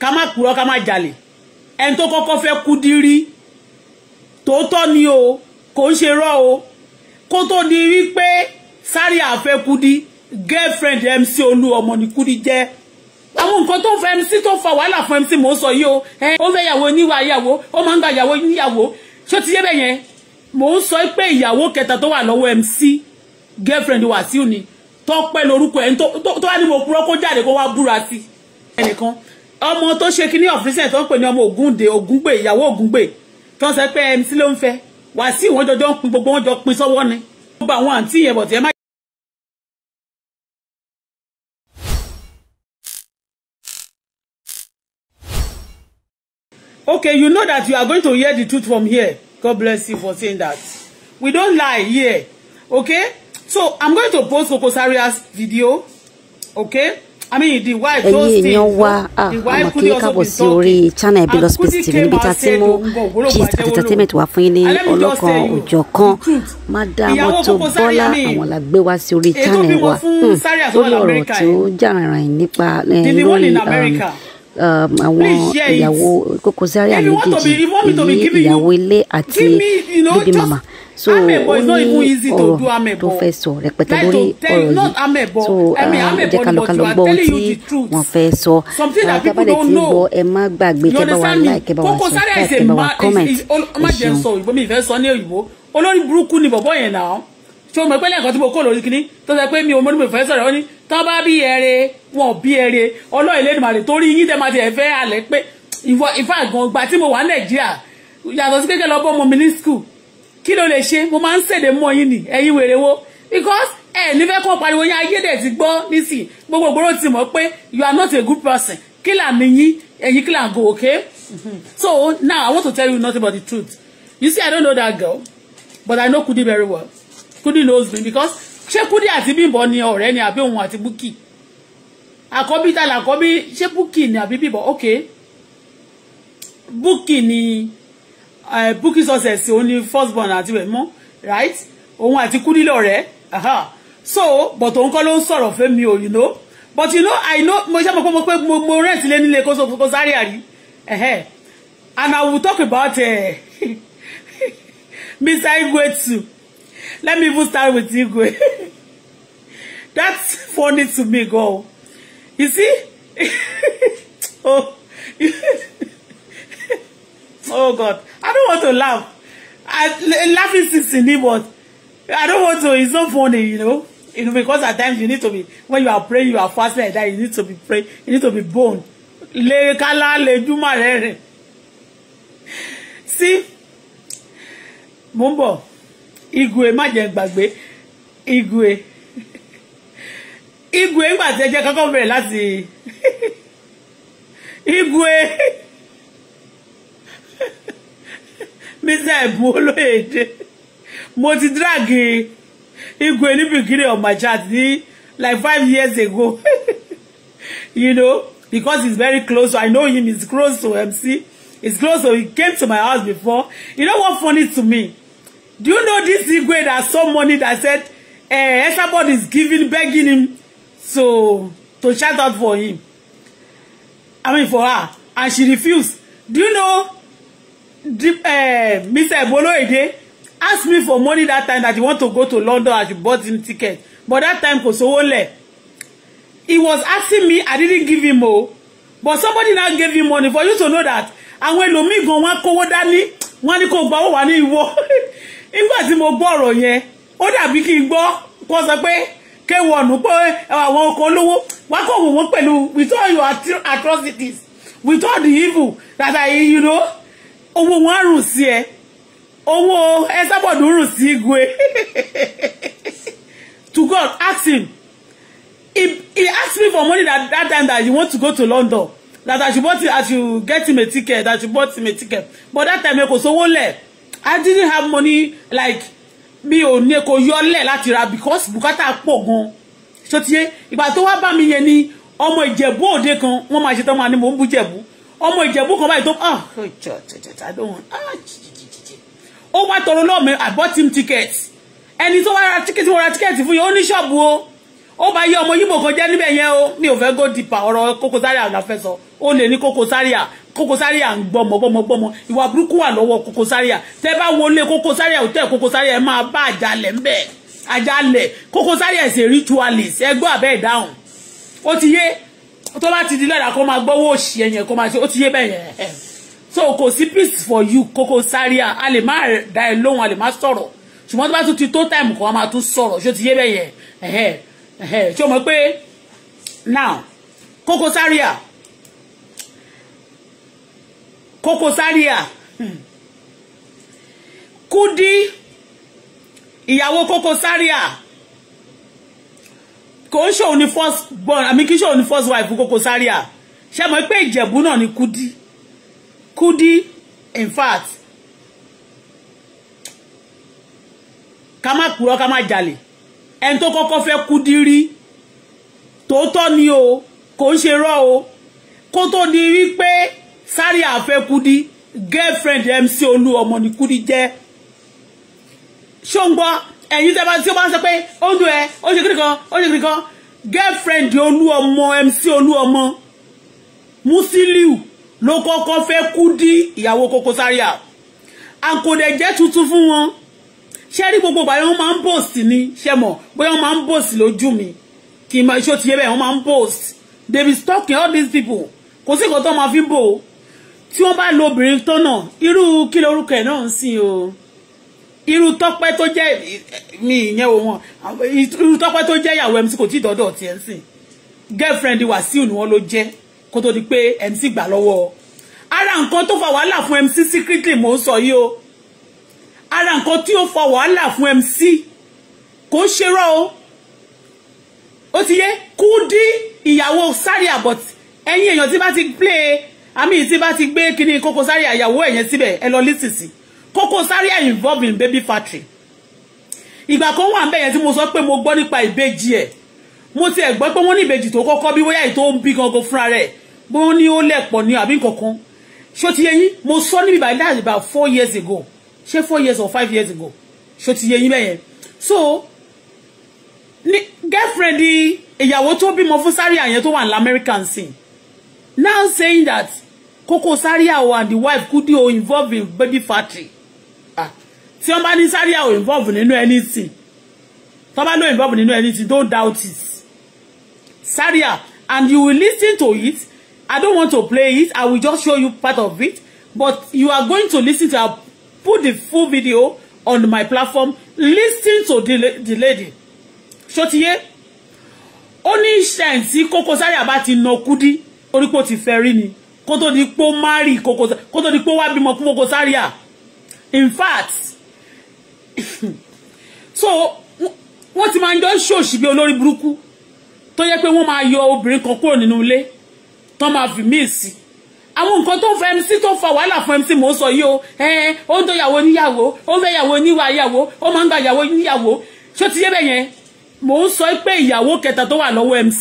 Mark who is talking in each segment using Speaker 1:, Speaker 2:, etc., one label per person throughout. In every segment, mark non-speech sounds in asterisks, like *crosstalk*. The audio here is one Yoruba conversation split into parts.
Speaker 1: kama kuro kama ká má jalè ẹni tó kọ́kọ́ fẹ́ kú dírí tòótọ́ ni o kò ń ṣe o kó tó di wípé sáré àfẹ́ Kudi girlfriend MC Olúọmọ ni Kudi jẹ́ àwọn nǹkan tó fẹ́ MC tó fa wàhálà fún MC mò ń sọ yìí o ó fẹ́ yàwó níwà yàwó ó máa ń gba yàwó níyàwó ṣó ti yé bẹ́yẹn mò ń sọ pé ìyàwó kẹta tó wà MC girlfriend Wàsíù ni tọ́pẹ́ lórúkọ ẹ̀ tó wá ní mo purọ́ kó jáde kó wá búra sí ẹnìkan ọmọ tó ṣe kíní ọ̀fíìsẹ̀ tó ń pè ní ọmọ ògúnde ògúngbè ìyàwó ògúngbè tó ń sọ pé mc ló ń fẹ́ wàsíù wọn jọjọ ń pin gbogbo wọn jọ pin sọ́wọ́ ni. ó bá àwọn àǹtí yẹn bọ̀ tí ẹ má. okay you know that you are going to hear the truth from here God bless you for saying that we don't lie here okay so I'm going to post Koko video okay ẹ̀yin èèyàn wa àmọ́ kí káàbọ̀ sí orí channel Ibe Lotsport TV níbi tá a ti mú gist àti entertainment wá fún yín ní ọlọ́kan òjọ̀ kan Madam Auto-Bola àwọn la gbé wá sí orí channel wa hmm, eh, lórí ọ̀rọ̀ tí ó jàrìnrìn nípa lórí àwọn ìyàwó Koko Zaria méjèèjì ìyàwó ilé àti bíbí màmá so ọ̀rọ̀ tó fẹ́ sọ rẹpẹtẹ lórí ọ̀rọ̀ yìí so ah, jẹ́ ká lọ ká lọ gbọ́ ohun tí wọ́n fẹ́ sọ àtàbàdẹ ah, tí gbọ́ ẹ má gbàgbé kẹ́ bá wa like kẹ́ bá wa subscribe kẹ́ bá wa comment oh, ẹ ṣeun. olórí burúkú ni bọ̀bọ̀ yẹn náà ṣé o mọ̀ pé lẹ́ẹ̀kan tí mo kó lórí kínní tó sọ pé mi ò mọ́ ní mo fẹ́ sọ̀rọ̀ ó ní tán bá bí ẹrẹ wọn ò bí ẹrẹ ọlọ́ọ̀lẹ́ Elédùmarè torí yín tẹ́ máa ti ẹ̀fẹ́ alẹ́ pé ìfọ̀ ìfọ̀ àgbọ̀ngbà tí mo wà ní Nàìjíríà yàtọ̀ sí kékeré lọ́bọ̀ ọmọ mi ní skul kí ló lè ṣe mo máa ń ṣèdè mọ́ yín ni ẹ̀yin wèrè wo because ẹ nífẹ̀ẹ́ kan pariwo yín ayé dẹ̀ ti gbọ́ nísìnyí gbogbo ògbóró ti mọ̀ pé you are not a good person kí là mí yín ẹ̀yin kí là ń go okay so now I want to tell you nothing but the truth you see I don't know that girl but I know Kudi very well Kudi knows me because ṣé Kudi àti Bímbọ́ ni ọ̀rẹ́ ni àbí òun àti Búkì àkọ́bí ta làkọ́bí ṣé Búkì ni àbí Bímbọ́ okay Búkì ni. Eh, Bukky Success òun ni first born àti rẹ̀ mọ́ right òun àti Kúdílé ọ̀rẹ́ so but òun kọ́ ló ń sọ̀rọ̀ fẹ́ mi ò you know but you know I know mo ṣe mọ̀ pé mo pé mo mo rent ilé nílé kó so kó sáré àrí and I will talk about uh, Mr. Igwe too let me even start with Igwe *laughs* that's funny to me girl. you see *laughs* oh *laughs* oh God want to laugh. I, laughing since in but I don't want to. It's not funny, you know. You know, because at times you need to be when you are praying, you are fasting like that. You need to be praying. You need to be born. Le kala le juma re. See, Mumbo, Igwe má jẹ́ gbàgbé, Igwe, Igwe igwe, igwe, tẹ jẹ kọ́kọ́ bẹ̀rẹ̀ láti *laughs* Igwe. mísà ẹ̀bùn olóyèdè mo ti drag igwe ní bìkínì on my chat ní like five years ago *laughs* you know because he's very close so I know him he's close to MC he's close so he came to my house before you know what funny to me do you know this igwe that saw money that said eh, somebody is giving begging him so to shout out for him I mean for her and she refused do you know mr uh, eh, Mr. Eboloide asked me for money that time that he want to go to London and she bought him ticket. But that time, kosowole, He was asking me, I didn't give him more. Oh. But somebody now gave him money for you to know that. and ẹlòmíì gan wọ́n kówó dání, wọ́n ní kó gba owó wá ní ìwọ. *laughs* Nígbà mo gbọ́ ọ̀rọ̀ yẹn, ó dàbí kí n gbọ́, kó sọ pé K1 pé eh, àwọn ọkọ̀ with all your atrocities, with all the evil that I, you know, owó wọn á rùn sí ẹ owó ẹ sábọ̀dù rùn sí igwe *laughs* to God ask him he he ask me for money that that time that you want to go to London that I you bought him as you get him a ticket that you bought him a ticket but that time kò sówó lẹ̀ I didn't have money like mi ò ní kò yọlẹ̀ láti ra because Bukata pọ̀ gan ṣó ti yé ìgbà tó wá bá mi yẹn ni ọmọ Ìjẹ̀bú Òde kan wọ́n máa ṣe tán máa ní mò ń bú Jẹ̀bú ọmọ ìjẹ̀bú kan báyìí tó ah ọjọ́ oh, jẹjẹjẹ i don't want ah jìjìjìjì ó wá tọrọ lọ́ọ̀ mi i bought him ticket ẹni tó wá ra ticket mo ra ticket fún yẹn ó ní ṣọ́ọ̀bù o ó bá yé ọmọ yìí mọ̀ kan jẹ́ níbẹ̀ yẹn o mi ò fẹ́ go dìpà ọ̀rọ̀ Koko Zaria la fẹ́ sọ ó lè ní Koko Zaria Koko Zaria ń gbọmọ gbọmọ gbọmọ ìwà burúkú wà lọ́wọ́ Koko Zaria tẹ́ bá wọlé Koko Zaria òtẹ́ Koko Zaria ẹ máa bá àjálẹ̀ ńbẹ̀ àjálẹ̀ Koko Zaria is a ritualist ẹ gbọ́ àbẹ́ ìdáhùn ó ti yé tó bá ti di lọ́dà kó máa gbọ́wọ́ òṣì ẹ̀yẹn kó máa ṣe ó ti yé bẹ́ẹ̀ yẹn so kò sí peace for you Koko Zaria a lè má da ẹ lóhùn a lè má sọ̀rọ̀ ṣùgbọ́n tó bá tún ti tó time kó máa tún sọ̀rọ̀ ṣó ti yé bẹ́ẹ̀ yẹn ẹ̀hẹ́ ẹ̀hẹ́ ṣé o mọ̀ pé now Koko Zaria Koko Zaria hmm. Kudi ìyàwó Koko Zaria kò ń ṣòun ni first born àmì kí ṣòun ni first wife Koko Zaria ṣe mọ̀ pé Ìjẹ̀bú náà ni Kudi Kudi in fact ká má kúrò ká má jalè ẹni tó kọ́kọ́ fẹ́ Kudi rí tòótọ́ ni o kò ń ṣe rọ́ o kó tó di wípé Zaria fẹ́ Kudi girlfriend MC Olúọmọ ni Kudi jẹ́ ṣóńgbọ́n ẹ̀yin tẹ́ bá tí ó bá ń sọ pé ó ń dùn ẹ ó ṣe kíni kan ó ṣe kíni kan girlfriend olú ọmọ MC olú ọmọ Musiliu ló kọ́kọ́ fẹ́ Kudi ìyàwó Koko Zaria àkòdẹ̀ jẹ́ tuntun fún wọn ṣé rí gbogbo ìgbà wọn máa ń post ni ṣe mọ̀ bóyá wọn máa ń post lójú mi kì í máa ṣó ti yé bẹ́ẹ̀ wọn máa ń post they be stalking all these people kò sí nǹkan tó máa fi bò ó tí wọ́n bá lo obìnrin tó náà irú kí lorúkọ ẹ̀ náà ń sìn o irú Tọ́pẹ́ tó jẹ́ mi ìyẹn o wọn irú Tọ́pẹ́ tó jẹ́ ìyàwó MC kò tí dọ́dọ̀ tiẹ̀ ń sìn girlfriend Wàsíù ni wọ́n ló jẹ́ kó tó di pé MC gbà lọ́wọ́ ara nǹkan tó fa wàhálà fún MC secretly mò ń sọ yìí o ara nǹkan tí ó fa wàhálà fún MC kò ṣe rọ o ó ti yé Kúdí ìyàwó Zaria but ẹ̀yin èèyàn tí bá ti play àmì tí bá ti gbé kíní Koko Zaria ìyàwó ẹ̀yẹn síbẹ̀ ẹ lọ lísìsì Koko Zaria involved in baby factory ìgbà kan wà níbẹ̀ yẹn tí mo sọ pé mo gbọ́ nípa ìbejì ẹ̀ mo ti ẹ̀ gbọ́ pé wọ́n ní ìbejì tó kọ́kọ́ bí bóyá ètò ń bí gangan fúnra rẹ̀ bó ní ó lẹ̀pọ̀ ní àbí kankan ṣó ti yé mo sọ níbi báyìí about four years ago ṣé four years or five years ago ṣó ti yé yín so ní girlfriend ìyàwó tó bímọ fún Zaria yẹn tó wà ní American sin now saying that Koko Zaria and the wife could be involved in baby factory tí wọ́n bá ní Zaria ò involve nínú anything tó bá ló involve nínú anything don't doubt it Saria, and you will listen to it I don't want to play it I will just show you part of it but you are going to listen to I put the full video on my platform listen to the, the lady ṣotiye ó ní ṣẹ́ǹ tí Koko Zaria bá ti nà kúdí orí kò ti fẹ́ rí ni kó tó di pé ó Koko kó tó di pé ó wá bímọ Koko Zaria in fact so wọ́n ti máa ń jọ ṣòṣì bí olórí burúkú tó yẹ pé wọ́n máa yọ obìnrin kan kúrò nínú ilé tó máa fi míì sí àwọn to fa mc To ń fa wàhálà fún mc mò ń sọ yìí o ó ń dọ̀yàwó níyàwó ó ń fẹ́yàwó níwà yàwó ó máa ń gba yàwó níyàwó ṣó ti yé bẹ́ẹ̀ yẹn mò ń sọ pé ìyàwó kẹta tó wà lọ́wọ́ mc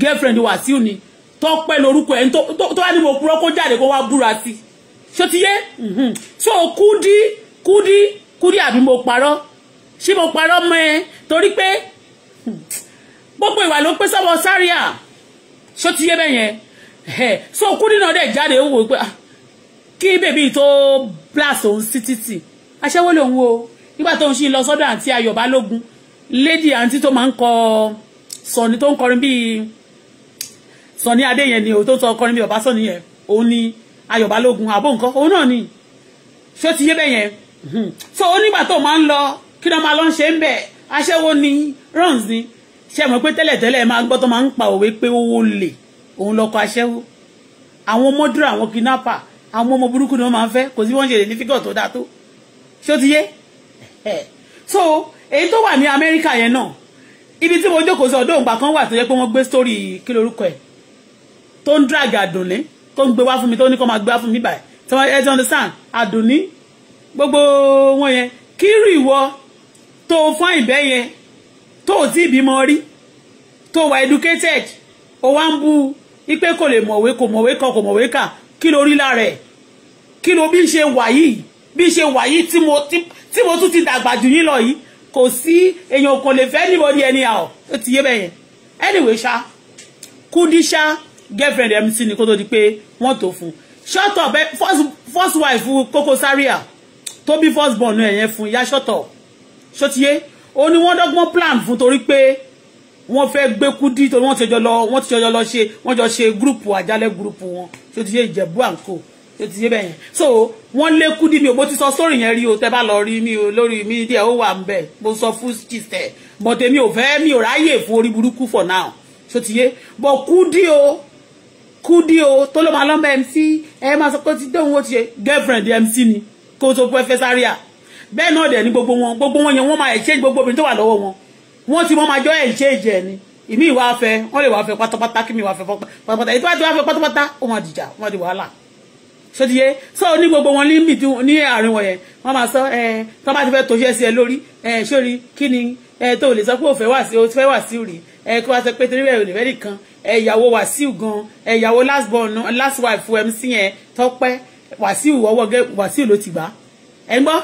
Speaker 1: girlfriend Wàsíù ni tọ́pẹ́ lórúkọ ẹ̀ to wá ní mo purọ́ kó jáde kó wá búra sí ṣó ti yé mhm. so Kudi Kudi. Kúdí àbí mo parọ́ ṣé mo parọ́ mọ́ ẹ torí pé hmm, gbogbo ìwà ló pé sọ́wọ́ sáríà ṣó ti yé bẹ́ẹ̀ yẹn ẹ̀ so Kúdí náà dẹ̀ jáde wò pé ah, kí bèbí tó blast òun sí títì aṣẹ́wó lòun o nígbà tó ń ṣe lọ sọ́dọ̀ àǹtí Ayọ̀ Balógun lady àǹtí tó máa ń kọ sọ̀ni tó ń kọrin bíi sọ̀ni adé yẹn ni òun tó sọ kọrin bíi ọ̀básọ̀ni yẹn òun ni Ayọ̀ Balógun àbó nǹkan òun náà ni ṣó ti yé bẹ́ẹ̀ yẹn Hmm. so onígbà tó máa ń lọ kí ló máa lọ ń ṣe ń bẹ̀ aṣẹ́wó ni runs ni ṣe mọ̀ pé tẹ́lẹ̀tẹ́lẹ̀ máa gbọ́ tó máa ń pa òwe pé owó lè òun lọ́kọ aṣẹ́wó àwọn mọ́dúrà àwọn kidnapper àwọn ọmọ burúkú ni wọ́n máa ń fẹ́ kò sí wọ́n ṣe lè ní fígọ̀ tó dáa tó ṣé ó ti yé so èyí tó wà ní Amẹ́ríkà yẹn náà ibi tí mo jókòó sí ọ̀dọ́ òǹgbà kan wà tó yẹ pé wọ́n gbé sórí kí lorúkọ ẹ̀ tó ń drag àdùnní tó ń gbé wá fún mi tó ní kó máa gbé wá fún mi báyìí tí wọ́n ẹ ti understand àdùnní gbogbo wọn yẹn kírù ìwọ tó fọ́n ìbẹ́ yẹn tó tí ìbímọ rí tó wà educated ó wá ń bu ipe kò lè mọ̀wé kò mọ̀wé kan kò mọ̀wé kà kí ló rí lára ẹ̀ kí ló bí ṣe wà yìí bí ṣe wà yìí tí mo tí mo tún ti dàgbà jù yín lọ yìí kò sí èèyàn kò lè fẹ́ anybody anyhow ó ti yé bẹ́ẹ̀ yẹn anyway ṣá Kudi ṣá girlfriend MC ni kó tó di pé wọ́n tó fún short up eh, first first wife Koko Zaria tó bí first born ẹ̀ yẹn fún ìyá ṣọ́tọ̀ ṣótiyé ó ní wọ́n dọ́gbọ́n plan fún torí pé wọ́n fẹ́ gbé kúdí torí wọ́n ti jọ lọ wọ́n ti jọ lọ ṣe wọ́n jọ ṣe gúrùpù àjálẹ̀ gúrùpù wọn ṣótiyé ìjẹ̀bú àǹkò ṣótiyé bẹ́ẹ̀ yẹn so wọ́n lé kúdí mi ò bó ti sọ sórí yẹn rí o tẹ́ bá lọ rí mi o lórí mi díẹ̀ ó wà ń bẹ̀ mo sọ fún gistẹ̀ but èmi ò fẹ́ mi ò ráyè fún orí burúkú for now ṣótiyé but kúdí o kúdí o tó ló máa lọ́mọ mc ẹ máa sọ pé ó ti dóhun ó ti ṣe girlfriend mc ni kó tó pẹ́ fẹ́ sáríà bẹ́ẹ̀ náà dẹ̀ ní gbogbo wọn gbogbo wọn yẹn wọ́n máa exchange gbogbo obìnrin tó wà lọ́wọ́ wọn wọ́n ti wọ́n máa jọ exchange ẹ̀ ni ìmí ìwà afẹ́ wọ́n lè wà afẹ́ pátápátá kí mi wà afẹ́ pátápátá ètò àti wà afẹ́ pátápátá ó máa dìjà ó máa di wàhálà sotiye so ní gbogbo wọn ní mìtí ní àárín wọn yẹn wọ́n máa sọ ẹ tó bá ti fẹ́ tòṣẹ sí ẹ lórí ẹ sórí kí ni ẹ tó lè sọ pé òfẹ́ wà sí o fẹ́ wà sí rí ẹ kí wàá sọ pé torí bẹ́ẹ̀ olùfẹ́ nìkan ẹ ìyàwó wà sí gan ẹ ìyàwó last born last wife mc yẹn tọpẹ́ wàsíù ọwọ́ wàsíù ló ti gbà á ẹ̀ ń gbọ́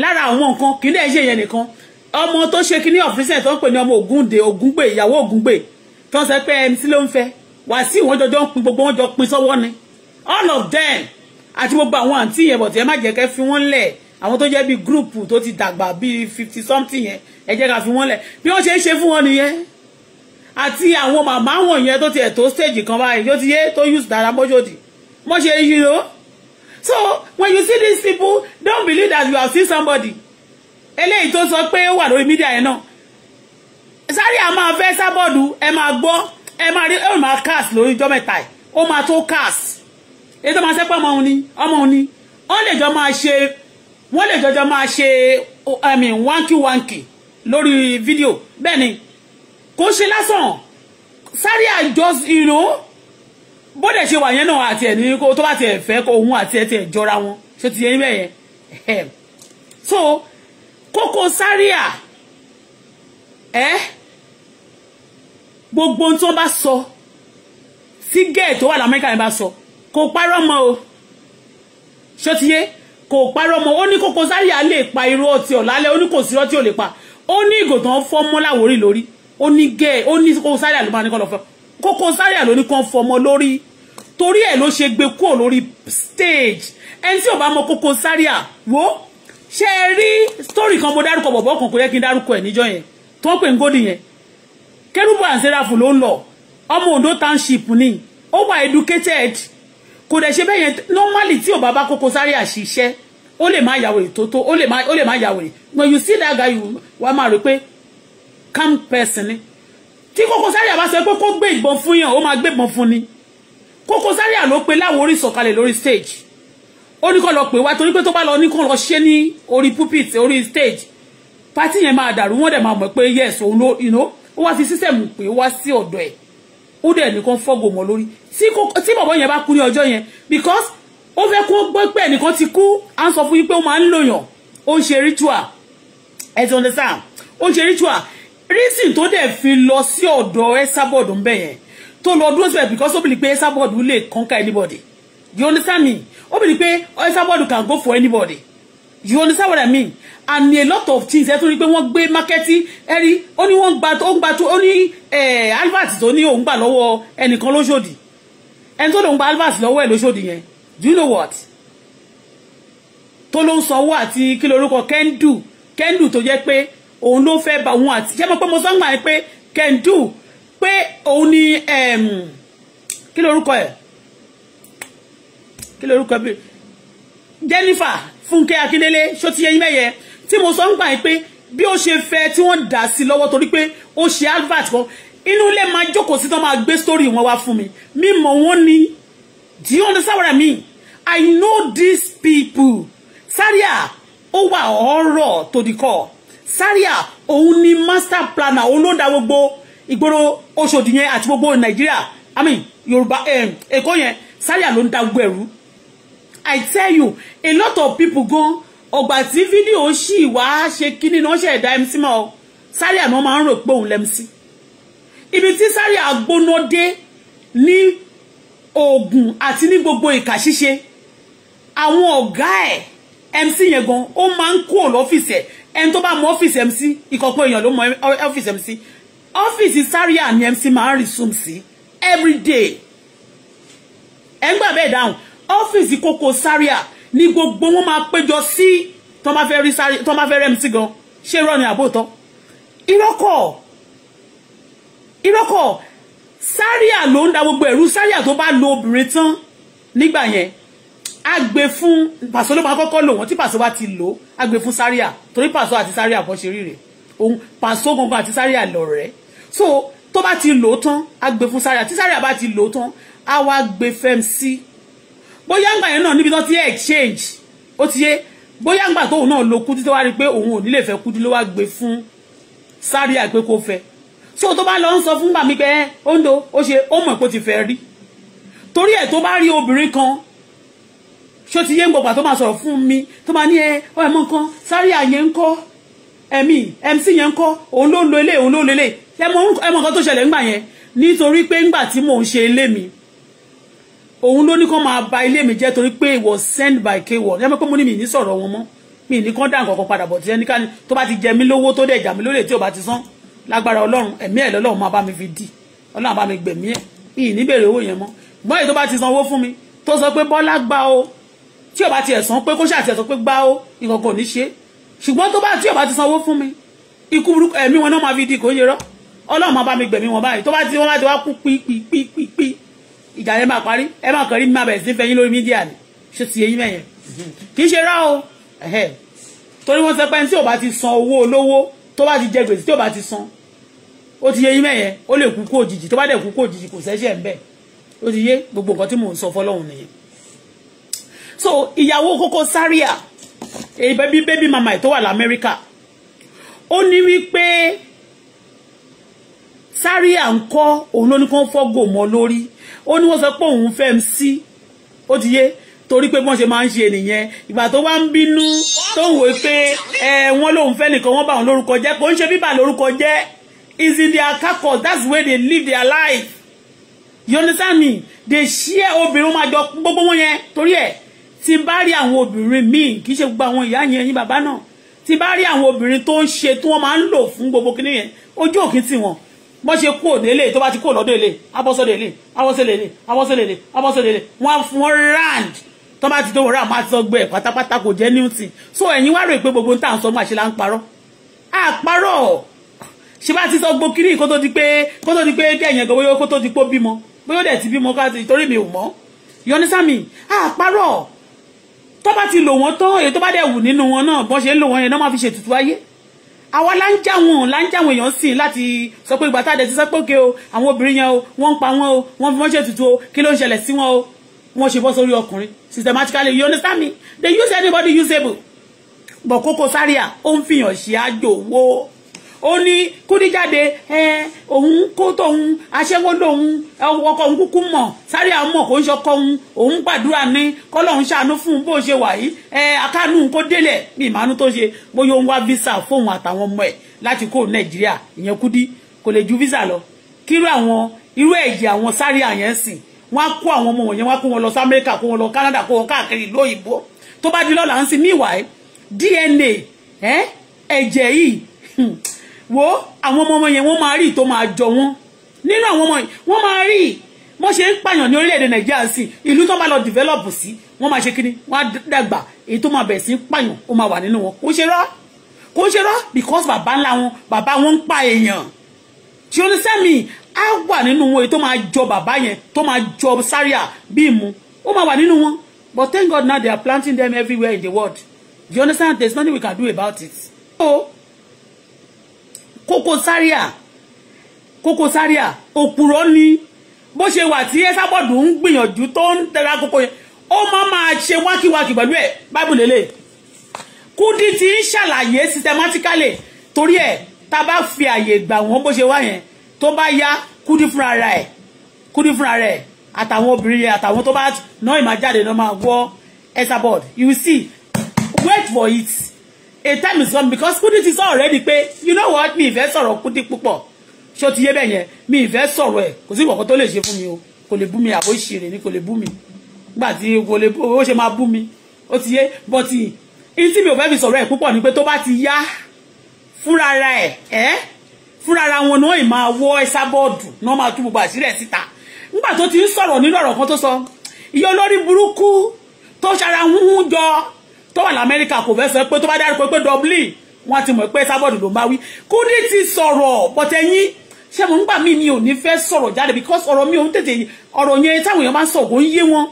Speaker 1: lára àwọn nǹkan kì í dẹ̀ ṣe yẹn nìkan ọmọ tó ṣe kí ní ọ̀fíìsẹ̀ tó ń pè ní ọmọ ògúndè ògúngbè ìyàwó ògúngbè tó ń sọ pé mc ló ń fẹ́ wàsíù wọn jọjọ ń pin gbogbo wọn jọ pin sọ́wọ́ ni all of them àti gbogbo àwọn àǹtí yẹn bọ̀tẹ̀ má jẹ́ kẹ́ fi wọ́n lẹ̀ àwọn tó jẹ́ bí gúrùpù tó ti dàgbà bíi fifty something yẹn ẹ jẹ́ ká fi wọ́n lẹ̀ bí wọ́n ṣe ń ṣe fún wọn nìyẹn àti àwọn màmá wọ̀nyẹn tó ti ẹ̀ tó stage kan báyìí yóò ti yé tó use dára mọ́jọ́dì mọ́ ṣe yí o so when you see these people don't believe that you have seen somebody eléyìí tó sọ pé ó wà lórí mídíà yẹn náà sáré a máa fẹ́ sábọ́ọ̀dù ẹ máa gbọ́ ẹ máa rí ẹ máa cast lórí ijọ́ mẹ́ta ẹ̀ ó máa tó cast èyí tó máa sẹ́pẹ́ ọmọ òun ni ọmọ òun ni wọ́n lè jọ máa ṣe wọ́n lè jọjọ máa ṣe I mean wánkíwánkì lórí fídíò bẹ́ẹ̀ ni kò ṣe lásán I just, you know bó ṣe wà yẹn náà àti ẹ̀ ní kó tó bá tiẹ̀ fẹ́ kó òun àti ẹ̀ tiẹ̀ jọra wọn ṣé ti yẹ yín bẹ́ẹ̀ yẹn so Koko Zaria ẹ gbogbo ohun tí wọ́n bá sọ tí gẹ́ẹ̀ tó wà lamẹ́ríkà yẹn bá sọ kò parọ́ mọ́ o ṣé ti yé kò parọ́ mọ́ ó ní Koko Zaria lè pa irú ọtí ọ̀lálẹ́ ó ní kò sí ọtí ò lè pa ó ní ìgò tán láwòrí lórí ó ní gẹ́ẹ̀ ó ní Koko Zaria ló máa ní kọ́ lọ fẹ́ Koko Zaria ló ní kàn fọmọ lórí torí ẹ̀ ló ṣe gbé kúrò lórí stage ẹni tí ò bá mọ Koko Zaria wo ṣe ẹ rí story kan mo dárúkọ bọ̀bọ̀ kan kò yẹ kí n dárúkọ ẹ̀ níjọ́ yẹn tó ń pè ń gódì yẹn kérúbù and ló ń lọ ọmọ Ondo township ni ó wà educated kò dẹ̀ ṣe bẹ́ẹ̀ yẹn normally tí ò bá bá Koko Zaria ṣiṣẹ́ ó lè má yàwó ìtótó ó lè má yàwó ì when you see that guy you wà máa rí pé calm person ni tí Koko Zaria bá sọ pé kó gbé ìbọn fún yàn ó máa gbé ìbọn fún ni Koko Zaria ló pe Láwórì sọ̀kalẹ̀ lórí stage ó ní kó lọ pè wá torí pé tó bá lọ ní kó lọ ṣe ní orí pulpit orí stage pátì yẹn máa dàrú wọ́n dẹ̀ máa mọ̀ pé yes òun ló you know ó wá fi sísẹ̀mù pé ó wá sí ọ̀dọ̀ ẹ̀ ó dẹ̀ nìkan fọ́gò mọ́ lórí tí bọ̀bọ̀ yẹn bá kú ní ọjọ́ yẹn because ó fẹ́ kó gbọ́ pé ẹnìkan ti kú à ń sọ fún yín pé ó máa ń lòyàn ó ń ṣe ritual ẹ ti understand ó ń ṣe ritual reason tó dẹ̀ fi lọ sí ọ̀dọ̀ ẹ sábọ̀dọ̀ ń yẹn tó lọ dúró síbẹ̀ because ó bìlì pé Esabod lè conquer anybody you understand me ó bìlì pé Esabod can go for anybody you understand what I mean and a lot of things ẹ tún rí pé wọ́n gbé marketing. ẹ rí ó ní gba ó gba tó ó ní albert tó ní òun gbà lọ́wọ́ ẹnìkan lóṣòdì ẹni tó lòun gba albert lọ́wọ́ ẹ̀ lóṣòdì yẹn do you know what tó ló ń sanwó àti kí lorúkọ kendu kendu tó jẹ́ pé òun ló fẹ́ bá òun àti ṣé mo pé mo sọ ń gbà kendu pé òun ni kí lorúkọ ẹ̀ kí lorúkọ ẹ̀ Jennifer funke Akíndélé ṣó ti yẹyin mẹ́yẹ tí mo sọ ń gbà yín pé bí ó ṣe fẹ́ tí wọ́n dà sí lọ́wọ́ torí pé ó ṣe advert kan inú ilé máa jókòó sí tán máa gbé story wọn wá fún mi mi mọ̀ ni do you understand what I mean I know these people Zaria ó wà ọ̀rọ̀ tó di kọ́ Zaria òun ni master planner òun ló ń gbogbo ìgboro Ọ̀ṣọ́dì yẹn àti gbogbo Nàìjíríà I mean Yoruba. Um, eh, yẹn Zaria ló ń da gbogbo I tell you a lot of people go. ọgbà tí fídíò ṣì wá ṣe kíní náà ṣe ẹ̀dá MC mọ́ ọ Zaria ni wọ́n máa ń rò pé òun lẹ́mísí ibi tí Zaria gbóná dé ní oògùn àti ní gbogbo ìkà ṣíṣe àwọn ọ̀gá ẹ̀ MC yẹn gan ó máa ń kúrò lọ́fíìsì ẹ̀ ẹni tó bá mọ ọ́fíìsì MC ìkọ̀kọ̀ èèyàn ló mọ ọ́fíìsì MC ọ́fíìsì Zaria ni MC máa ń resume every day ẹ̀ ń down. Office is Coco Saria. Zaria ni gbogbo wọn máa péjọ sí tó máa fẹ́ rí Zaria tó máa fẹ́ rẹ́ MC gan ṣé irọ́ ni àbótọ́ irọ́kọ̀ irọ́kọ̀ Zaria ló da gbogbo ẹ̀rú Zaria tó bá lo obìnrin tán nígbà yẹn agbe fun. pàṣẹ lo máa kọ́kọ́ lò wọ́n tí pàṣẹ ti lò agbe fun Saria. torí pàṣẹ ati Saria bọ́ ṣe Um òun pàṣẹ ati Saria lo re. rẹ̀ so tó bá ti lò ó tán á gbé fún Zaria tí Zaria bá ti lò ó tán á wá gbé fẹ́m sí bóyá ńgbà yẹn náà níbi tó ti exchange ó ti yé bóyá ńgbà tóun náà lo Kudi tó wá rí i pé òun ò nílé fẹ́ Kudi ló wá gbé fún Zaria pé kó fẹ́ so tó bá lọ ń sọ fún gbàmí pé eh, ondo ó ṣe ó mọ̀ pé ó ti fẹ́ rí torí ẹ̀ tó bá rí obìnrin kan ṣó ti yé ń gbọ̀gbà tó máa sọ̀rọ̀ fún mi tó máa ní ẹ eh, ọ ẹ̀mọ́ kan Zaria yẹn ń kọ́ ẹ̀mí MC yẹn ń kọ́ òun ló ń lo ilé òun ló ń lo ilé ẹmọ ẹmọ nǹkan tó ṣẹlẹ̀ ńgbà yẹn nítorí pé ńgbà tí mò ń ṣe ilé mi òun ló ní kó máa ba ilé mi jẹ́ torí pé it was sent by K1 yẹ́n pé mo ní mi ní sọ̀rọ̀ wọn mọ́ mi ní kán dá nǹkan kan padà bọ̀ tí ẹnikẹ́ni tó bá ti jẹ mí lówó tó dẹ̀ jà mí lólè tí ò bá ti san lágbára ọlọ́run ẹ̀mí ẹ̀ lọ́lọ́run máa bá mi fi dì ọlọ́run bá mi gbẹ̀mí ẹ̀ ìyìn níbèrè owó yẹn mọ́ gbọ́n èyí tó bá ti sanwó fún mi tó sọ pé bọ́lá gbá o tí ò bá ti ẹ̀sán pé kó ṣàtì ẹ̀sán pé gbá o nǹkan kò ní ṣe ṣùgbọ́n tó bá tí ò bá ti sanwó fún mi ikú burúkú ẹ̀mí wọn náà máa fi dì kò ń ọlọ́run máa bá mi gbẹ̀mí wọn báyìí tó bá ti wọ́n bá ti wá kú pípípípí ìjà yẹn máa parí ẹ máa kàn rí mi máa bẹ̀rẹ̀ sí fẹ́ yín lórí mídíà ni ṣe ti eyín mẹ́yẹn kì í ṣe rá o torí wọ́n sọ pé tí ò bá ti san owó olówó tó bá ti jẹ gbèsè tí ò bá ti san ó ti yé yín mẹ́yẹn ó lè kú kú òjijì tó bá dẹ̀ kú kú òjijì kò sẹ́ṣẹ̀ ń bẹ̀ ó ti yé gbogbo nǹkan tí mò ń sọ fọlọ́hún nìyẹn so ìyàwó Koko Zaria èyí bẹ́bí bẹ́bí mama ẹ̀ tó wà lamẹ́ríkà ó ní wípé sáré à ń kọ́ òun ló ní kó ń fọ́gò mọ́ lórí ó ní wọ́n sọ pé òun fẹ́ mi sí ó ti yé torí pé bọ́n ṣe máa ń ṣe nìyẹn ìgbà tó wá ń bínú tó ń wòye pé ẹ wọ́n lòun fẹ́ nìkan wọ́n bá òun lórúkọ jẹ́ kò ń ṣe bíbà lórúkọ jẹ́ is in their carcass that's where they live their life you understand me they share obìnrin máa jọ gbogbo wọn yẹn torí ẹ̀ tí n bá rí àwọn obìnrin míì kì í ṣe gbogbo àwọn ìyá yẹn yín bàbá náà tí n bá rí àwọn obìnrin tó ń ṣe tí wọ́n máa ń lò fún gbogbo kinní ojú òkín tì bọ́n ṣe kú òde lè tó bá ti kú òlọ́dọ̀ èlé abọ́sọ́dọ̀ èlé abọ́sọ́dọ̀ èlé abọ́sọ́dọ̀ èlé abọ́sọ́dọ̀ èlé wọ́n fún wọn rand tó bá ti tó wọn rà máa sọ gbẹ pátápátá kò jẹ́ new thing so ẹ̀yin wá rò pé gbogbo ń tà ń sọ máa ṣe là ń parọ́ àparọ́ ṣe bá ti sọ gbó kiri kó tó di pé kó tó di pé kẹ́yìn ẹ̀gọ́ bóyá kó tó di pé bímọ bóyá dẹ̀ ti bímọ káàtì torí mi ò mọ́ yọnísàmì àparọ́ tó bá ti lò wọ́n tán èyí tó bá dẹ̀ wù nínú wọn náà bọ́n ṣe ń lò wọ́n yẹn náà máa fi ṣètùtù ayé àwa la ń já wọn la ń já wọn èèyàn sìn láti sọ pé ìgbà táde ti sọ pé òkè o àwọn obìnrin yẹn o wọ́n ń pa wọn o wọ́n fi wọ́n ṣètùtù o kí ló ń ṣẹlẹ̀ sí wọn o wọ́n ṣe bọ́ sórí ọkùnrin systematically you understand me they use anybody usable but Koko Zaria ó ń fìyàn ṣe àjò wo ó ní Kúdíjáde ẹ òun kó tóun aṣẹ́wó lòun ọkọ òun kúkú mọ̀ sáré àmọ̀ kò ń ṣọkọ òun òun gbàdúrà ní kọ́lọ́hún ṣàánú fún un bó ṣe wà yìí ẹ akánú kó délẹ̀ ní ìmánú tó ṣe bóyá ó wá visa fóun àtàwọn ọmọ ẹ̀ láti kó Nàìjíríà ìyẹn Kúdí kò lè ju visa lọ kírú àwọn irú ẹ̀jẹ̀ àwọn sáré àyẹn sìn wọ́n á kó àwọn ọmọ wọ̀nyẹn wọ́n á kó wọn lọ sí Amẹ́ríkà kó wọn lọ Canada kó wọn káàkiri ìlú tó bá di lọ́la ń sin meanwhile DNA ẹ̀jẹ̀ yìí hmm, wo àwọn ọmọ ọmọ yẹn wọ́n máa rí ìtò máa jọ wọ́n nínú àwọn ọmọ yẹn wọ́n máa rí wọ́n ṣe ń pààyàn ní orílẹ̀-èdè nàìjíríà sí ìlú tó bá lọ develop sí wọ́n máa ṣe kíní wọ́n á dàgbà èyí tó máa bẹ̀ sí pààyàn ó máa wà nínú wọn kò ṣe rọ́ kò ṣe rọ́ because bàbá ńlá wọn bàbá wọn ń pa èèyàn tí ó ní sẹ́mi á wà nínú wọn èyí tó máa jọ bàbá yẹn tó máa jọ sáríà bíi mu ó máa wà nínú wọn but thank God now they are planting them everywhere in the world you understand there is nothing we can do about it. So, Koko saria, Koko saria, òpùrọ́ ni bó ṣe wà tí Esabod ń gbìyànjú tó ń tẹra kókó yẹn ó máa máa ṣe wákìwákì pẹ̀lú ẹ̀ báìbùlẹ̀ lè Kudi ti ń ṣàlàyé systematically torí ẹ̀ tá a bá fi àyè gbà wọ́n bó ṣe wá yẹn tó bá yá Kudi fúnra rẹ̀ Kudi fúnra rẹ̀ àtàwọn obìnrin yẹn àtàwọn tó no náà ìmájáde náà máa wọ Esabod you see wait for it a time is gone because Kudi ti sọ already pé you know what mi ìfẹ́ sọ̀rọ̀ Kudi púpọ̀ ṣé o ti yé bẹ́ẹ̀ yẹn mi ìfẹ́ sọ̀rọ̀ ẹ̀ kò sí ìwọ̀kan tó lè ṣe fún mi o kò lè bú mi àbó ìṣirè ni kò lè bú mi nígbà tí kò lè ó ṣe máa bú mi ó ti yé but in mi ò fẹ́ fi sọ̀rọ̀ ẹ̀ púpọ̀ ni pé tó bá ti yá fúnra ẹ̀ ẹ́ fúnra ara wọn náà ìmọ̀ àwọ̀ ẹ̀sà bọ́ọ̀dù náà máa tú gbogbo àṣírí ẹ̀ síta nígbà tó ti ń sọ̀rọ̀ nínú ọ̀rọ̀ kan tó sọ ìyá olórí burúkú tó ṣara ń jọ tó wà lamẹ́ríkà kò fẹ́ sọ pé tó bá dárúkọ pé dublin wọ́n ti mọ̀ pé sábọ̀dù ló ń bá wí Kúdí ti sọ̀rọ̀ bọ̀tẹ́yìn ṣé mo ń gbà mí mi ò ní fẹ́ sọ̀rọ̀ jáde because ọ̀rọ̀ mi ò ń tètè ọ̀rọ̀ yẹn táwọn èèyàn máa ń sọ ògùn yé wọn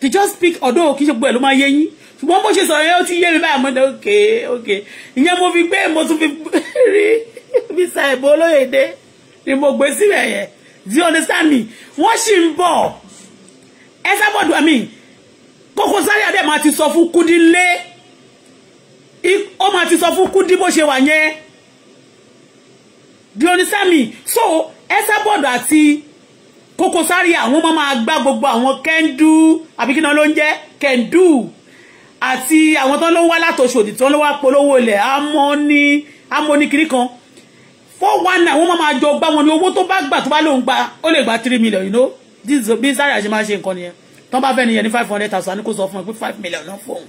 Speaker 1: they just speak ọ̀dọ́ kì í ṣe gbogbo ẹ̀ ló máa yé yín ṣùgbọ́n bó ṣe sọ̀rọ̀ yẹn ó ti yé mi báyìí mo ní ok ok ìyẹn mo fi gbé mo tún fi *laughs* rí mr ebo olóyèdè ni mo do you understand me wọ́n sì ń bọ̀ ẹ sábọ̀dù àmì Koko Zaria dẹ̀ máa ti sọ fún Kúdí lé ó máa ti sọ fún Kúdí bó ṣe wà yẹn do so Esabod àti Koko Zaria àwọn máa máa gbá gbogbo àwọn kẹ́ńdú àbí kí náà ló ń jẹ́ kẹ́ńdú àti àwọn tó ń lọ wá látòṣòdì tó ń lọ wá polówó ilẹ̀ amóní amóní kiri kan four one nine wọ́n máa máa jọ gbá wọn ní owó tó bá gbà tó bá lóun gba ó lè gba three million you know this bí Zaria ṣe máa ṣe nǹkan nìyẹn tó bá fẹ́ nìyẹn ní five hundred thousand ní kó sọ fún ẹ pé five million náà fóun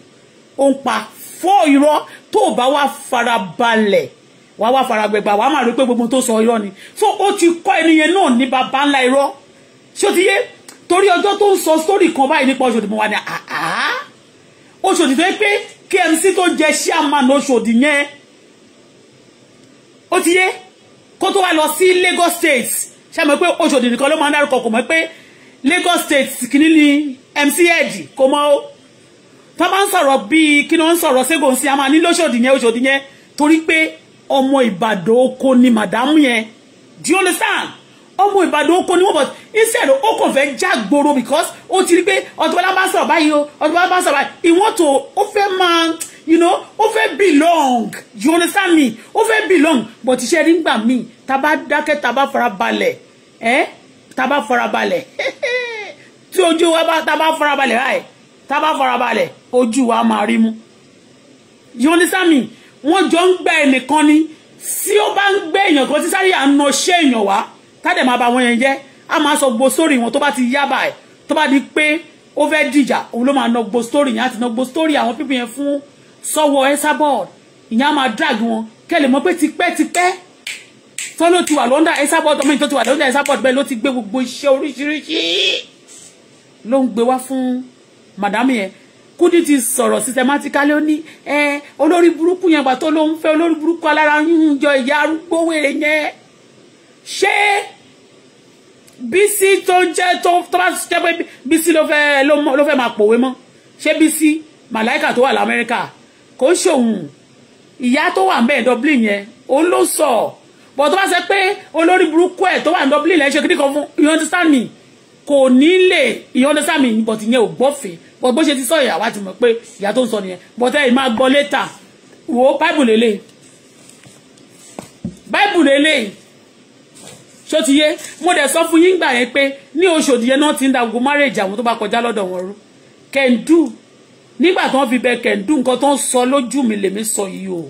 Speaker 1: ó ń pa fọ́ irọ́ tó bá wá fara balẹ̀ wá wá fara gbẹgbà wá máa rí pé gbogbo tó sọ irọ́ ni so ó ti kọ́ ẹniyẹn náà ní baba ńlá irọ́ ṣé o ti yé torí ọjọ́ tó ń sọ sórí kan báyìí nípa Ọ̀ṣọ́dì mo wà ní àhá Ọ̀ṣọ́dì tó pé KMC tó jẹ chairman Ọ̀ṣọ́dì yẹn ó ti yé kó tó wá lọ sí Lagos State ṣe mọ̀ pé Ọ̀ṣọ́dì nìkan ló máa ń dárúkọ kò mọ̀ pé Lagos State kìíní ni MC Ed kò mọ̀ o tó bá ń sọ̀rọ̀ bíi kí ló ń sọ̀rọ̀ ségo sí a máa ní lóṣòdì yẹn oṣòdì yẹn torí pé ọmọ ìbàdàn oko ni màdámù yẹn do you understand ọmọ ìbàdàn oko ni wọ́n bọ̀ instead ó kò fẹ́ já gbòòrò because ó ti rí pé ọ̀tọ̀bọ̀lá bá sọ̀rọ̀ báyìí o ọ̀tọ̀bọ̀lá bá sọ̀rọ̀ báyìí ìwọ́n tó ó fẹ́ máa you know ó fẹ́ belong you understand me ó fẹ́ belong but iṣẹ́ rí ngbà míì tá dákẹ́ tá bá ẹ́ tá bá *laughs* tí ojú wa bá tá bá báyìí tá a farabalẹ̀ ojú wa máa rí mú you understand me wọ́n jọ ń gbẹ ẹnìkan ni tí ó bá ń gbé èèyàn kan tí sáré à ṣé èèyàn wá tádẹ̀ máa ba wọn yẹn jẹ́ a máa sọ gbo sórí wọn tó bá ti yá báyìí tó bá di pé ó fẹ́ dìjà òun ló máa nà gbo sórí yẹn àti nà gbo sórí àwọn pípín yẹn fún sọ́wọ́ ẹ́sàbọ̀d ìyẹn á máa drag wọn kẹlẹ̀ mọ́ pé tipẹ́tipẹ́ tọ́ ló ti wà lọ́ndà ẹ́sàbọ̀d ọmọ ìtọ́ ti wà lọ́ndà ẹ́sàbọ̀d bẹ́ẹ̀ ló ti gbé gbogbo iṣẹ́ oríṣiríṣi ló ń gbé wá fún màdámù yẹn Kudi ti sọ̀rọ̀ systematically ó ní ẹ olórí burúkú yẹn gbà tó ló ń fẹ́ olórí burúkú alára yún jọ ìyá arúgbó wèrè yẹn ṣé Bísí tó jẹ́ tó trans jẹ́ pé Bísí ló fẹ́ ló fẹ́ máa pòwe mọ́ ṣé Bísí màláìkà tó wà lamẹ́ríkà kò ń ṣòun ìyá tó wà mẹ́ẹ̀ Dublin yẹn òun ló sọ bọ̀ tó bá ṣe pé olórí burúkú ẹ̀ tó wà Dublin yẹn ṣe kíní kan fún you understand me kò ní lè you understand me but ìyẹn ò gbọ́fẹ̀ẹ́ but bó ṣe ti sọ ìyá wa ti mọ̀ pé ìyá tó ń sọ nìyẹn but ẹ̀ máa gbọ́ later wo bible lele bible lele ṣó ti yé mo dẹ̀ sọ fún yín gbà yẹn pé ní oṣù òdìyẹ náà ti ń da gbogbo marriage àwọn tó bá kọjá lọ́dọ̀ wọn rú kẹ́ńdù nígbà tó ń fi bẹ kẹ́ńdù nǹkan tó ń sọ lójú mi lèmi sọ yìí o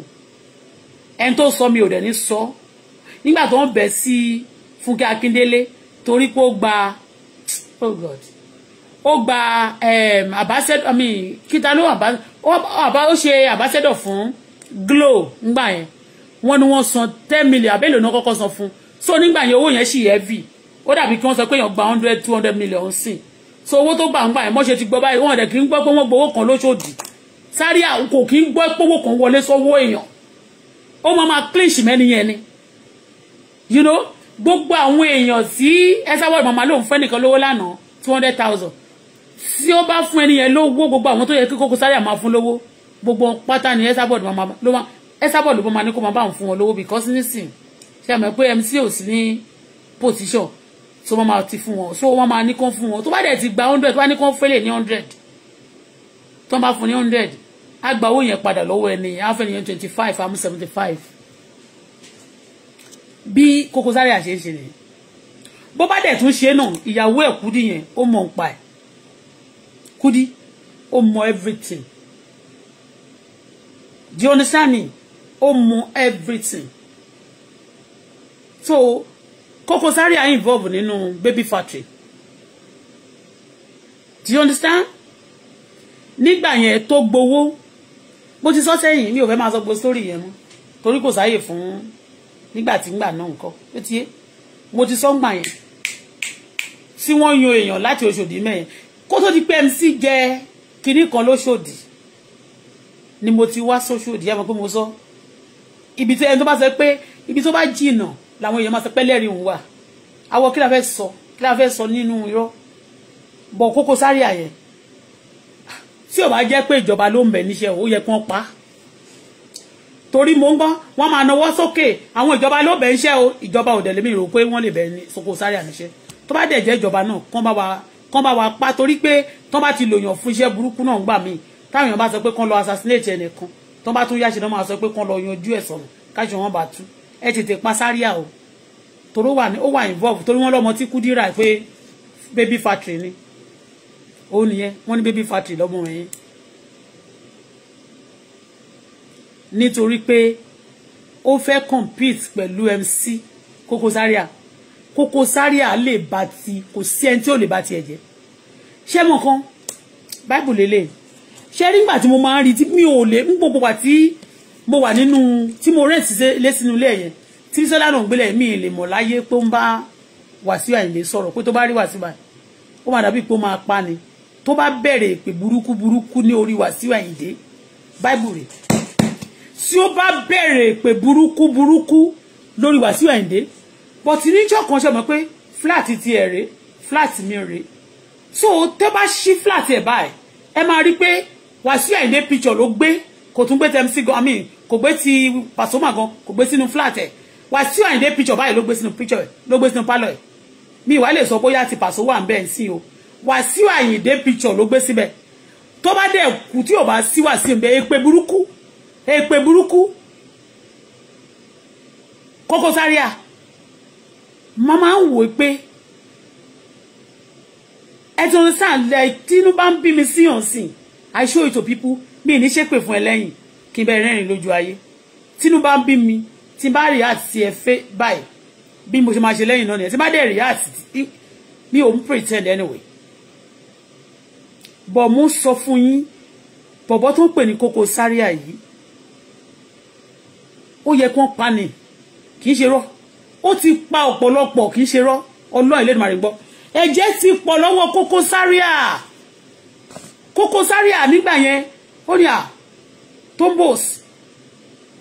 Speaker 1: ẹni tó sọ mi ò dẹ̀ ní sọ nígbà tó ń bẹ̀ sí Fúnkẹ́ Akíndélé torí pé ó gba oh god ó gba um, ambassador i mean kíta ló àbá ó ṣe ambassador fún Glo ngbà yẹn wọ́n ní wọ́n san ten million abẹ́lẹ̀ náà kọ́kọ́ san fún so nígbà yẹn owó yẹn sì heavy ó dàbí kí wọ́n sọ pé èèyàn gba hundred two hundred million sí so owó tó gbà ngbà yẹn mọ́ṣe ti gbọ́ báyìí wọ́n dẹ̀ kí ń gbọ́ pé wọ́n gbowó kan lóṣòdì sáré àkókò kí ń gbọ́ pówó kan wọlé sọ́wọ́ èèyàn ó máa máa clinch mẹ́ni yẹn ni you know gbogbo àwọn èèyàn tí ẹsáwọ́ọ̀dù màmá lòun fẹ́ nìkan lówó lánàá two hundred thousand tí ó bá fún ẹni yẹn lówó gbogbo àwọn tó yẹ kí Koko Zaria máa fún lówó gbogbo pátá ni ẹsábọ̀dù màmá ló máa ẹsábọ̀dù bó máa ní kó máa bá òun fún wọn lówó because nísìn ṣe àmọ́ pé MC ò sí ní position so wọ́n máa ti fún wọn so wọ́n máa ní kó fún wọn tó bá dẹ̀ ti gba hundred tó bá ní kó fẹ́lẹ̀ ní hundred tó bá fún ní hundred á gba owó yẹn padà lọ́wọ́ ẹni á fẹ́ yẹn twenty five àmú seventy five bí Koko Zaria ṣe ń ṣe nìyẹn bó bá dẹ̀ tún ṣe náà ìyàwó ẹ̀ Kudi yẹn ó mọ̀ ń pa ẹ̀ Kudi ó mọ̀ everything do you understand me ó mọ̀ everything so Koko Zaria involve nínú baby factory do you understand nígbà yẹn tó gbowó bó ti sọ sẹ́yìn mi ò fẹ́ máa sọ gbogbo sórí yẹn mọ́ torí kò sáyè fún nígbà tí ngbà náà nǹkan ó ti yé mo ti sọ́ngbà yẹn tí wọ́n yan èèyàn láti Ọ̀ṣọ́dì mẹ́yẹn kó tó di pé MC jẹ kinní kan lóṣòdì ni mo ti wá sóṣòdì yá mọ̀ pé mo sọ ibi tó ẹni tó bá sọ pé ibi tó bá jìnnà làwọn èèyàn máa sọ pé lẹ́rìí òun wà awọ kí la fẹ́ sọ kí la fẹ́ sọ nínú irọ́ bọ̀ Koko Zaria yẹn tí ò bá jẹ́ pé ìjọba ló ń bẹ̀ níṣẹ́ ó yẹ kí wọ́n pa á torí mo ń gbọ́ wọ́n máa nawọ́ sókè àwọn ìjọba ló bẹ̀ ń ṣe o ìjọba ò dẹ̀lẹ́mí rò pé wọ́n lè bẹ̀ ní Soko Zaria níṣẹ́ tó bá dẹ̀ jẹ́ ìjọba náà kán bá wa kán bá wa pa torí pé tán bá ti lòyàn fún iṣẹ́ burúkú náà ń gbà míì táwọn èèyàn bá sọ pé kán lọ assassinate ẹnìkan tán bá tún yáṣẹ náà máa sọ pé kán lọ yanjú ẹ̀ sọ̀rọ̀ káṣọ wọn bá tú ẹ tètè pa Zaria o torí wà ó wà involve torí wọn lọmọ tí Kúdírà pé baby factory ni ó nìyẹn wọn ní baby factory lọmọ yẹn nítorí pé ó fẹ́ compete pẹ̀lú MC Koko Zaria Koko Zaria lè bá ti kò sí ẹni tí ò lè bá tiẹ̀ jẹ́ ṣé mo kan báìbù lélẹ̀ ṣe rí nígbà tí mo máa ń rí tí mi ò lè ń gbogbo wà tí mo wà nínú tí mo rẹ́ǹtì lé sínú ilé ẹ̀yẹn tí sọ́lá náà ń gbélé mi lè mọ̀ láyé pé ń bá Wàsíù Àyìnlé sọ̀rọ̀ pé tó bá rí Wàsíù báyìí ó máa dàbí pé ó máa pa ni tó bá bẹ̀rẹ̀ èpè burúkú burúkú ní orí Wàsíù Àyìndé báìbù rèé tí ó bá bẹ̀rẹ̀ pé burúkú burúkú lórí Wàsíù Àyìndé bọ̀tí níjọ́ kan ṣe mọ̀ pé fúláàtì ti ẹ̀ rèé fúláàtì mi rèé so tẹ́ bá ṣí fúláàtì ẹ̀ báyìí ẹ máa rí pé Wàsíù Àyìndé picture ló gbé kò tún gbé tmc gan i kò gbé ti Pasuma gan kò gbé sínú fúláàtì ẹ̀ Wàsíù Àyìndé picture báyìí ló gbé sínú picture ẹ̀ ló gbé sínú pálọ̀ ẹ̀ mi ìwà lè sọ bóyá ti pàṣọ wà bẹ́ẹ̀ sí o Wàsíù Àyìndé picture ló gbé síbẹ̀ tó bá dẹ̀ kú tí ò bá sí Wàsíù ń bẹ́ẹ̀ pé burúkú èpè burúkú Koko Zaria mo máa ń wò pé ẹtùn sáàlẹ tínú bá ń bí mi sí ọ̀sìn I show it to people mi ní ṣépè fún ẹ lẹ́yìn kí n bẹ rẹ́rìn lójú ayé tínú bá ń bí mi tí n bá rí àti ẹ báyìí bí mo ṣe máa ṣe lẹ́yìn náà nìyẹn tí bá dẹ̀ rí àti mi ò ń pretend anyway bọ̀ mo sọ fún yín bọ̀bọ̀ tó ń pè ní Koko Zaria yìí ó yẹ kán pa ni kì í ṣe rọ ó ti pa ọ̀pọ̀lọpọ̀ kì í ṣe rọ ọlọ́run ilé ìmọ̀ràn ẹ̀jẹ̀ ti pọ̀ lọ́wọ́ Koko Zaria Koko Zaria nígbà yẹn ó ní à tombos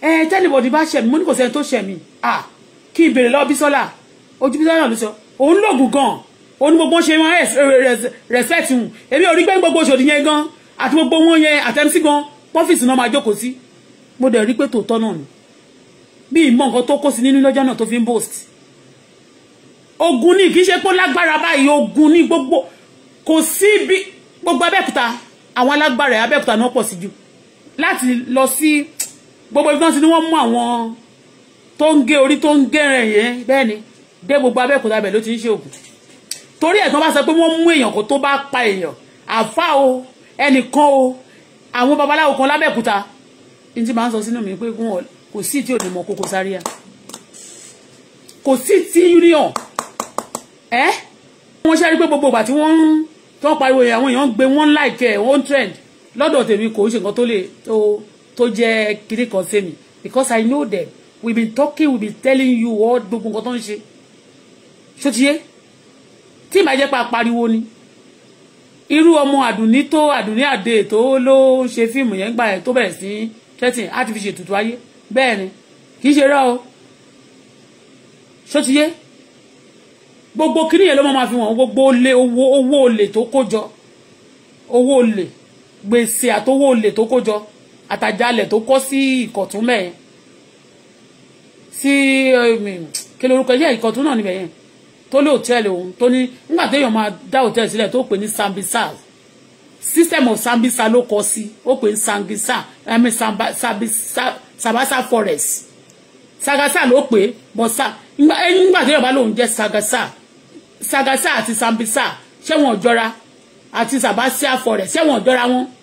Speaker 1: ẹ tẹ́lifọ̀dì bá ṣẹ̀mí mo ní kò sẹ́ni tó ṣẹ̀mí à kí n bèrè lọ́wọ́ Bísọ́lá ojú Bísọ́lá náà ló sọ òun lògùn gan òun gbogbo ṣe wọn respect hùn èmi ò rí pé gbogbo òṣòdì yẹn gan àti gbogbo wọn yẹn àtẹnusí gan pọ́fíìsì náà máa jókòó sí mo dẹ̀ rí pé tòótọ́ náà ni mi ì mọ nǹkan tó kó sí nínú lọ́jọ́ náà tó fi ń boast ogun ní kì í ṣe pé lágbára báyìí ogun ní gbogbo kò sí ibi gbogbo abẹ́òkúta àwọn alágbára ẹ̀ náà pọ̀ sí jù láti lọ sí gbogbo ibi tí wọ́n mú àwọn tó ń gé orí tó ń gẹ́rẹ̀ yẹn bẹ́ẹ̀ ni dé gbogbo abẹ́òkúta bẹ̀ ló ti ń ṣe ògùn torí ẹ̀ tí wọ́n bá sọ pé wọ́n mú èèyàn kó tó bá pa èèyàn àfa o ẹnìkan o àwọn babaláwo kan lábẹ́òkúta ní ti máa ń sọ sínú mi pé gún kò sí tí onímọ̀ Koko Zaria kò sí tí union ẹ́ wọ́n ṣe rí pé gbogbo ìgbà tí wọ́n ń tán pariwo yẹn àwọn èèyàn gbé wọ́n like one trend lọ́dọ̀ tèmi kò ṣe nǹkan tó lè tó tó jẹ́ kiri kan sẹ́mi because I know them we been talking we been telling you all gbogbo nǹkan tó ń ṣe ṣótiyé tí ìbá jẹ́ pa pariwo ni irú ọmọ àdùnní tó àdùnní àdè tó ló ń ṣe fíìmù yẹn gbà yẹn tó bẹ̀rẹ̀ sí threatening á ti fi ṣètùtù ayé bẹ́ẹ̀ ni kì í ṣe rá o ṣótiyé gbogbo kíní yẹn ló máa fi wọn gbogbo olè owó owó olè tó kó jọ owó olè gbèsè àtowó olè tó kó jọ àtàjálẹ̀ tó kọ́ sí ìkọ̀tún mẹ́ẹ̀ sí um, kí lorúkọ yẹ ìkọ̀tún náà níbẹ̀ yẹn tó lé hòtẹ́ẹ̀lì òun tó ní nígbà téèyàn máa dá hòtẹ́ẹ̀lì sílẹ̀ tó pè ní sambisa system of sambisa ló kọ sí ó pè ní sambisa ẹ̀mí sambisa. Sabasa forest Sagasa ló pé but sa nígbà eh, tí Yorùbá lòun jẹ́ Sagasa Sagasa àti Sambisa ṣé wọn jọra àti Sàbásà forest ṣé wọn jọra wọn